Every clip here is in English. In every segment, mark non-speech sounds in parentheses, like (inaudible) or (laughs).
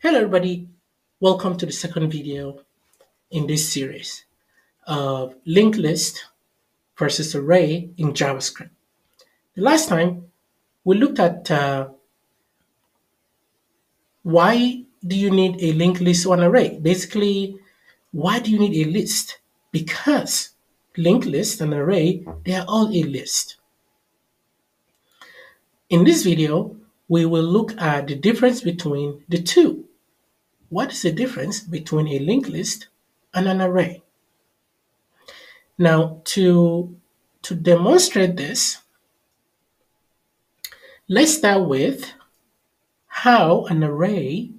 Hello everybody, welcome to the second video in this series of linked list versus array in JavaScript. The last time we looked at uh, why do you need a linked list or an array? Basically, why do you need a list? Because linked list and array, they are all a list. In this video, we will look at the difference between the two what is the difference between a linked list and an array? Now, to, to demonstrate this, let's start with how an array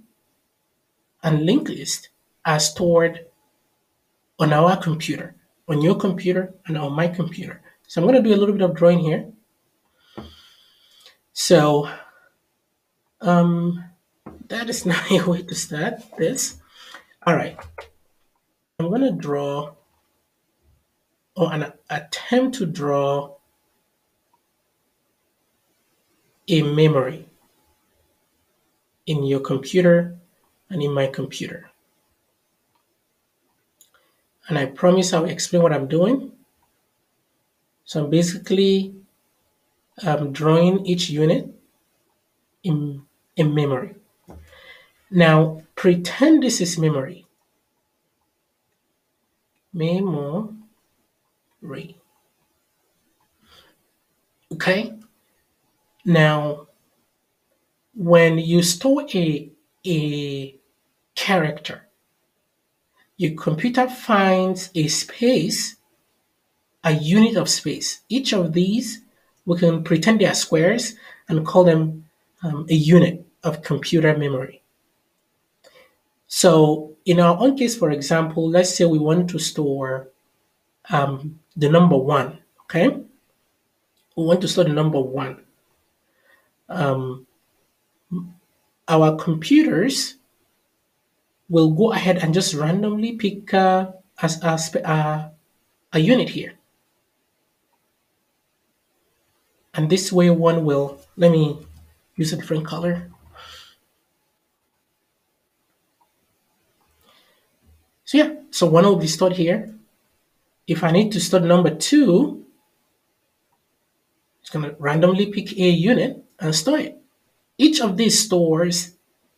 and linked list are stored on our computer, on your computer and on my computer. So I'm going to do a little bit of drawing here. So um, that is (laughs) not a way to start this. All right. I'm going to draw or an attempt to draw a memory in your computer and in my computer. And I promise I'll explain what I'm doing. So I'm basically um, drawing each unit in, in memory. Now, pretend this is memory. Memory. Okay? Now, when you store a, a character, your computer finds a space, a unit of space. Each of these, we can pretend they are squares and call them um, a unit of computer memory. So in our own case, for example, let's say we want to store um, the number one, okay? We want to store the number one. Um, our computers will go ahead and just randomly pick uh, as a, uh, a unit here. And this way one will, let me use a different color. So yeah, so one will be stored here. If I need to store number two, it's gonna randomly pick a unit and store it. Each of these stores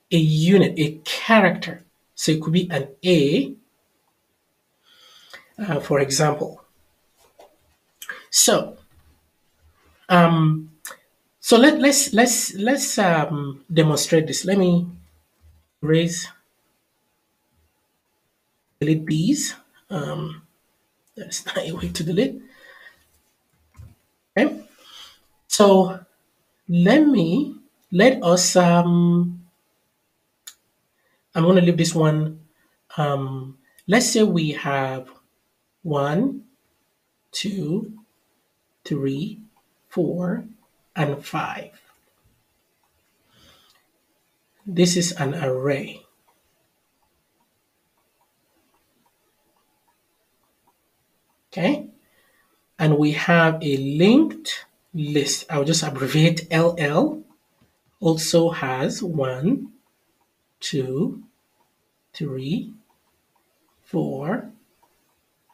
a unit, a character. So it could be an A, uh, for example. So, um, so let, let's let's let's um, demonstrate this. Let me raise delete these. Um, that's (laughs) not a way to delete. Okay. So let me, let us, um, I'm going to leave this one. Um, let's say we have one, two, three, four, and five. This is an array. okay? And we have a linked list. I'll just abbreviate LL also has one, two, three, four,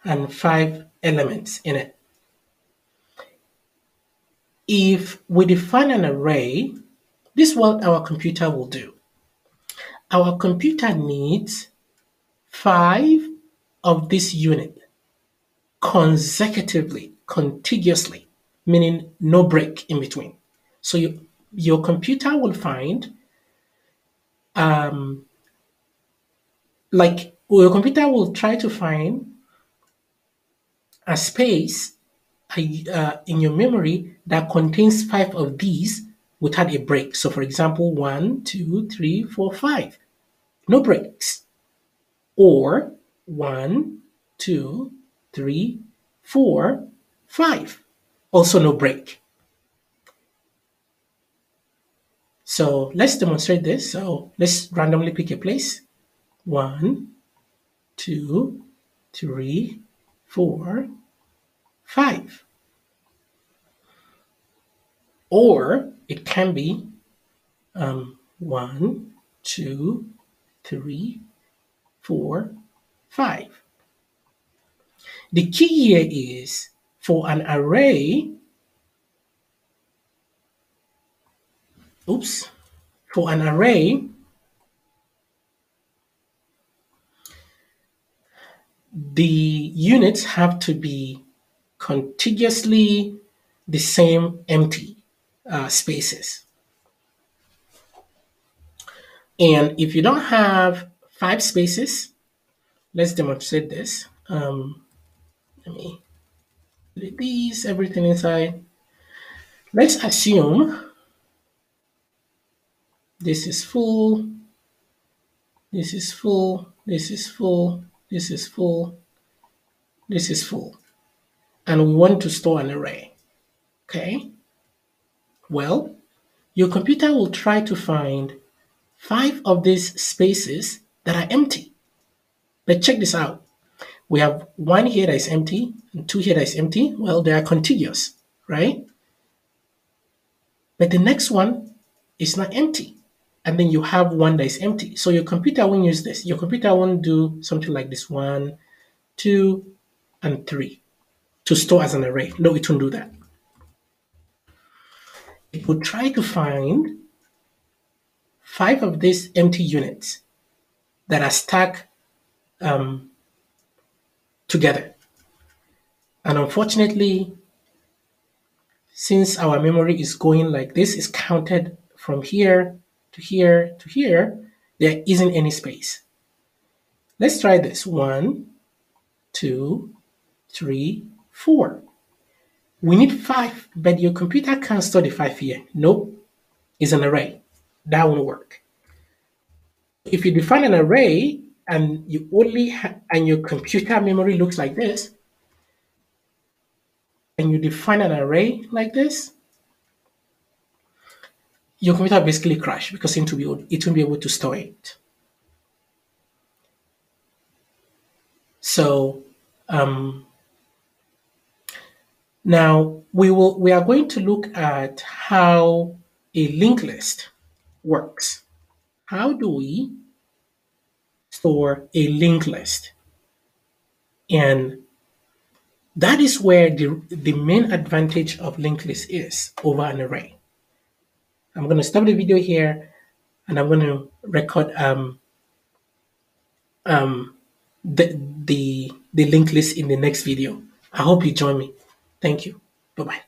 and five elements in it. If we define an array, this is what our computer will do. Our computer needs five of this unit consecutively, contiguously, meaning no break in between. So you, your computer will find, um, like, your computer will try to find a space uh, in your memory that contains five of these without a break. So, for example, one, two, three, four, five, no breaks. Or one, two, three, four, five. Also no break. So let's demonstrate this. So let's randomly pick a place. One, two, three, four, five. Or it can be um, one, two, three, four, five. The key here is for an array, oops, for an array, the units have to be contiguously the same empty uh, spaces. And if you don't have five spaces, let's demonstrate this. Um, let me delete these, everything inside. Let's assume this is full, this is full, this is full, this is full, this is full. And we want to store an array, okay? Well, your computer will try to find five of these spaces that are empty. But check this out we have one here that is empty and two here that is empty. Well, they are contiguous, right? But the next one is not empty. And then you have one that is empty. So your computer won't use this. Your computer won't do something like this one, two, and three to store as an array. No, it won't do that. It will try to find five of these empty units that are stacked um, together. And unfortunately, since our memory is going like this, is counted from here to here to here, there isn't any space. Let's try this. One, two, three, four. We need five, but your computer can't store the five here. Nope, it's an array. That won't work. If you define an array, and you only ha- and your computer memory looks like this, and you define an array like this, your computer basically crash because it won't, be able, it won't be able to store it. So um, now we will we are going to look at how a linked list works. How do we for a linked list. And that is where the, the main advantage of linked list is over an array. I'm going to stop the video here and I'm going to record um, um, the, the, the linked list in the next video. I hope you join me. Thank you. Bye bye.